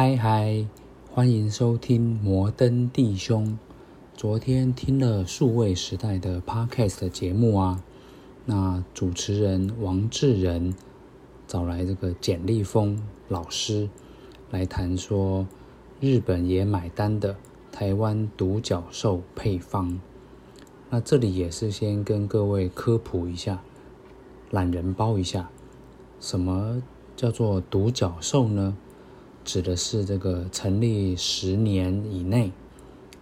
嗨嗨，歡迎收聽摩登弟兄。昨天聽了數位時代的 Podcast 的節目啊，那主持人王志仁找來這個簡立峰老師來談說日本也買單的台灣獨角獸配方。那這裡也是先跟各位科普一下，懶人包一下，什麼叫做獨角獸呢？指的是這個成立十年以內，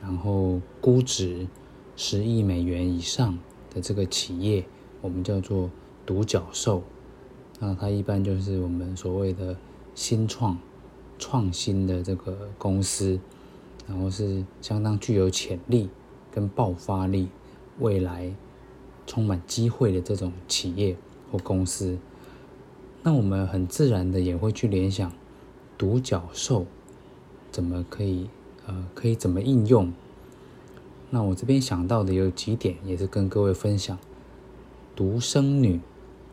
然後估值十億美元以上的這個企業，我們叫做獨角獸。那它一般就是我們所謂的新創、創新的這個公司，然後是相當具有潛力跟爆發力，未來充滿機會的這種企業或公司。那我們很自然的也會去聯想。獨角獸怎麼可以？呃，可以怎麼應用？那我這邊想到的有幾點，也是跟各位分享。獨生女，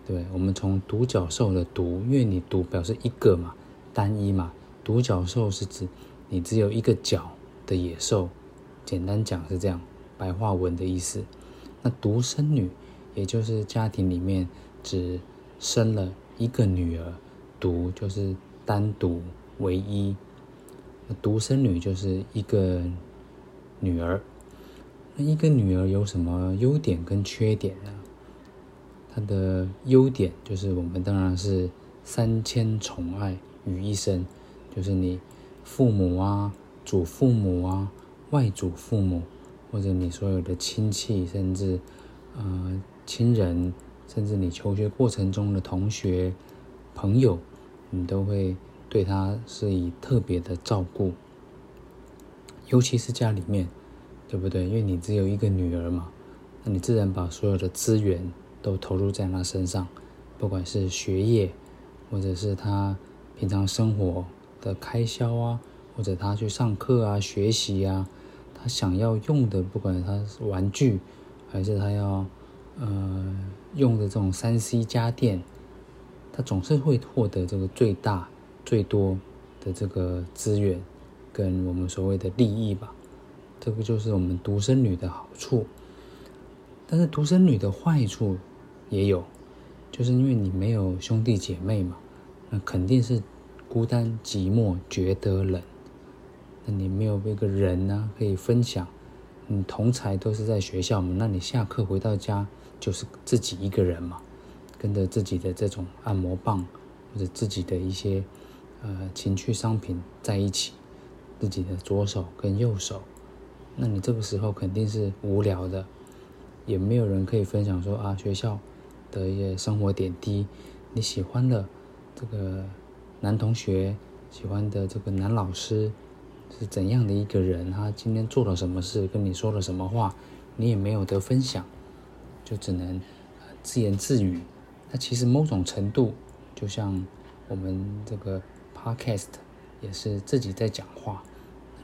對，我們從獨角獸的“獨”，因為“你獨”表示一個嘛，單一嘛。獨角獸是指你只有一個角的野獸，簡單講是這樣，白話文的意思。那獨生女，也就是家庭裡面只生了一個女兒，“獨”就是單獨。唯一獨生女就是一個女兒，那一個女兒有什麼優點跟缺點呢？她的優點就是我們當然是三千寵愛於一身，就是你父母啊、祖父母啊、外祖父母，或者你所有的親戚，甚至、呃、親人，甚至你求學過程中的同學、朋友，你都會。對他是以特別的照顧，尤其是家裡面，對不對？因為你只有一個女兒嘛，那你自然把所有的資源都投入在她身上，不管是學業，或者是她平常生活的開銷啊，或者她去上課啊、學習呀、啊，她想要用的，不管她是玩具，還是她要呃用的這種三 C 家電，她總是會獲得這個最大。最多的這個資源，跟我們所謂的利益吧，這個就是我們獨生女的好處。但是獨生女的壞處也有，就是因為你沒有兄弟姐妹嘛，那肯定是孤單寂寞，覺得冷。那你沒有一個人呢、啊、可以分享，你同儕都是在學校嘛，那你下課回到家就是自己一個人嘛，跟着自己的這種按摩棒或者自己的一些。呃，情趣商品在一起，自己的左手跟右手，那你這個時候肯定是無聊的，也沒有人可以分享說啊，學校的一些生活點滴，你喜歡的這個男同學，喜歡的這個男老師是怎樣的一個人？他今天做了什麼事，跟你說了什麼話，你也沒有得分享，就只能，呃，自言自語。那其實某種程度，就像我們這個。Podcast 也是自己在講話。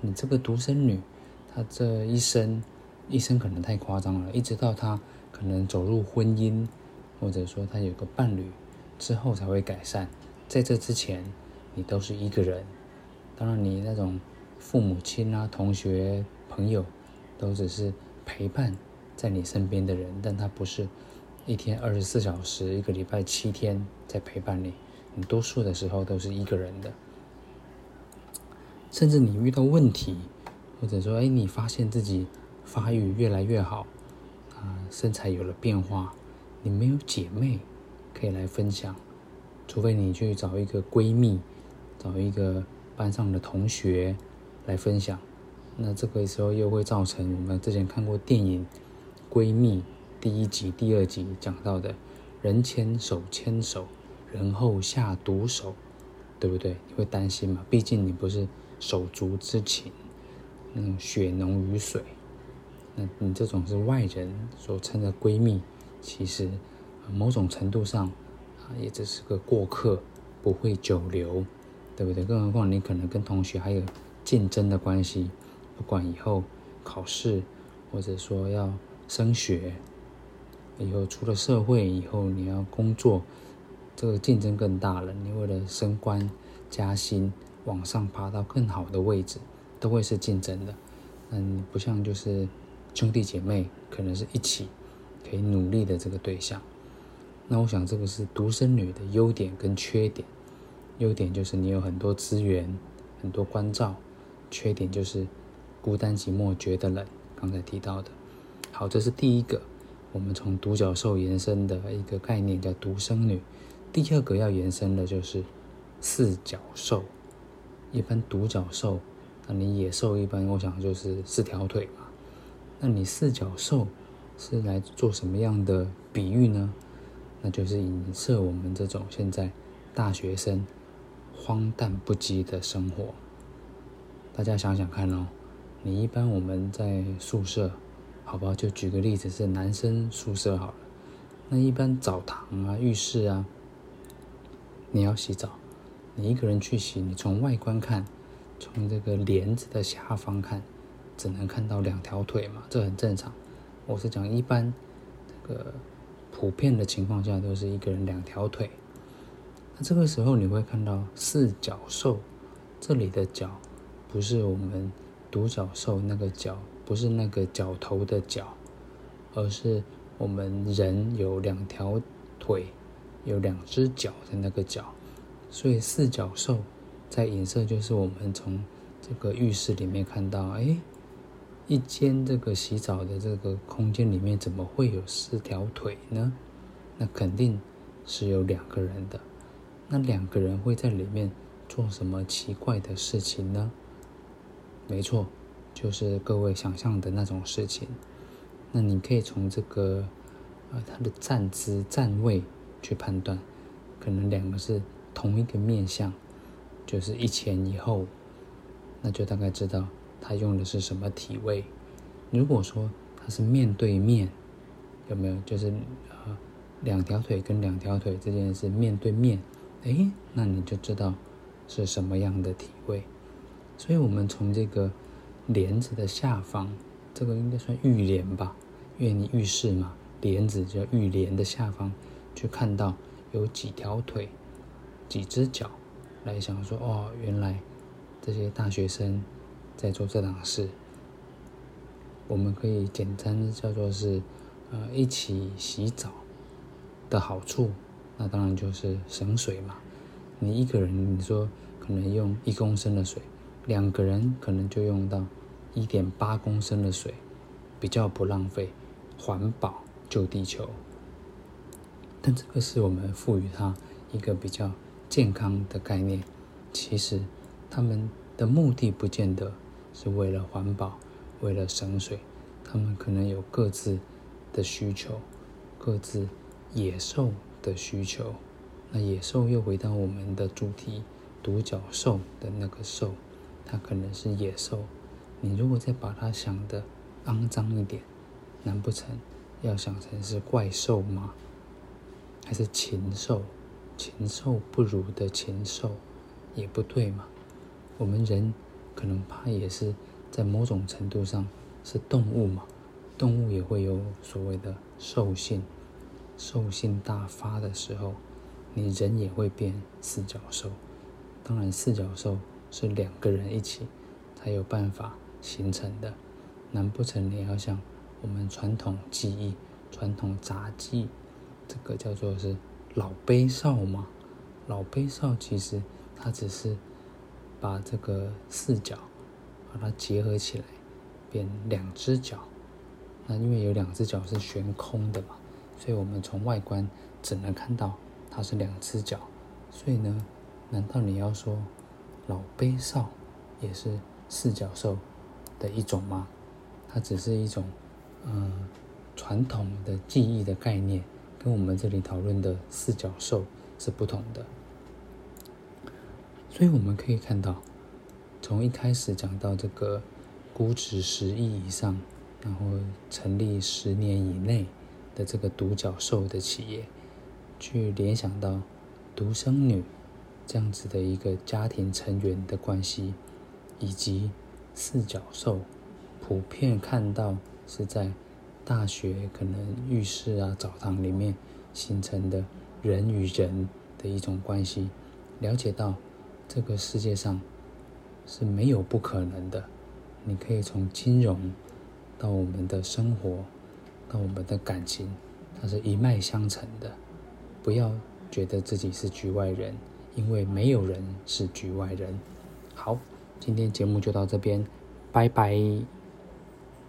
你這個獨生女，她這一生，一生可能太誇張了，一直到她可能走入婚姻，或者說她有個伴侶之後才會改善。在這之前，你都是一個人。當然，你那種父母親啊、同學、朋友，都只是陪伴在你身邊的人，但他不是一天二十四小時、一個禮拜七天在陪伴你。很多數的時候都是一個人的，甚至你遇到問題，或者說，哎，你發現自己發育越來越好，啊，身材有了變化，你沒有姐妹可以來分享，除非你去找一個閨蜜，找一個班上的同學來分享。那這個時候又會造成我們之前看過電影《閨蜜》第一集、第二集講到的人牽手、牽手人後下毒手，對不對？你會擔心嗎？畢竟你不是手足之情，那種血濃於水。那你這種是外人所稱的閨蜜，其實某種程度上啊，也只是個過客，不會久留，對不對？更何況你可能跟同學還有競爭的關係，不管以後考試，或者說要升學，以後出了社會，以後你要工作。這個競爭更大了。你為了升官、加薪、往上爬到更好的位置，都會是競爭的。嗯，不像就是兄弟姐妹，可能是一起可以努力的這個對象。那我想，這個是獨生女的優點跟缺點。優點就是你有很多資源、很多關照；缺點就是孤單寂寞、覺得冷。剛才提到的。好，這是第一個，我們從獨角獸延伸的一個概念，叫獨生女。第二個要延伸的就是四腳獸。一般獨角獸，那你野獸一般，我想就是四條腿嘛。那你四腳獸是來做什麼樣的比喻呢？那就是影射我們這種現在大學生荒誕不羈的生活。大家想想看哦，你一般我們在宿舍，好不好？就舉個例子是男生宿舍好了，那一般澡堂啊、浴室啊。你要洗澡，你一個人去洗。你從外觀看，從這個簾子的下方看，只能看到兩條腿嘛，這很正常。我是講一般，這、那個普遍的情況下都是一個人兩條腿。那這個時候你會看到四腳獸，這裡的腳不是我們獨角獸那個腳，不是那個角頭的角，而是我們人有兩條腿。有兩隻腳的那個腳，所以四腳獸在影射就是我們從這個浴室裡面看到，哎，一間這個洗澡的這個空間裡面怎麼會有四條腿呢？那肯定是有兩個人的。那兩個人會在裡面做什麼奇怪的事情呢？沒錯，就是各位想象的那種事情。那你可以從這個呃，他的站姿、站位。去判斷，可能兩個是同一個面相，就是一前一後，那就大概知道他用的是什麼體位。如果說他是面對面，有沒有，就是呃兩條腿跟兩條腿之間是面對面，誒，那你就知道是什麼樣的體位。所以我們從這個簾子的下方，這個應該算浴簾吧，因為你浴室嘛，簾子就浴簾的下方。去看到有幾條腿、幾隻腳，來想說哦，原來這些大學生在做這檔事。我們可以簡單叫做是，呃，一起洗澡的好處，那當然就是省水嘛。你一個人你說可能用一公升的水，兩個人可能就用到一點八公升的水，比較不浪費，環保，救地球。但這個是我們賦予它一個比較健康的概念。其實他們的目的不見得是為了環保，為了省水，他們可能有各自的需求，各自野獸的需求。那野獸又回到我們的主題，獨角獸的那個獸，它可能是野獸。你如果再把它想得骯髒一點，難不成要想成是怪獸嗎？還是禽獸，禽獸不如的禽獸，也不對嘛。我們人可能怕也是在某種程度上是動物嘛，動物也會有所謂的獸性，獸性大發的時候，你人也會變四腳獸。當然，四腳獸是兩個人一起才有辦法形成的。難不成你要像我們傳統技藝、傳統雜技？這個叫做是老背少嘛？老背少其實它只是把這個四腳把它結合起來變兩隻腳。那因為有兩隻腳是懸空的嘛，所以我們從外觀只能看到它是兩隻腳。所以呢，難道你要說老背少也是四腳獸的一種嗎？它只是一種嗯、呃、傳統的技藝的概念。跟我們這裡討論的四腳獸是不同的，所以我們可以看到，從一開始講到這個估值十億以上，然後成立十年以內的這個獨角獸的企業，去聯想到獨生女這樣子的一個家庭成員的關係，以及四腳獸普遍看到是在。大學可能浴室啊，澡堂裡面形成的人與人的一種關係，了解到這個世界上是沒有不可能的，你可以從金融到我們的生活，到我們的感情，它是一脈相承的。不要覺得自己是局外人，因為沒有人是局外人。好，今天節目就到這邊，拜拜。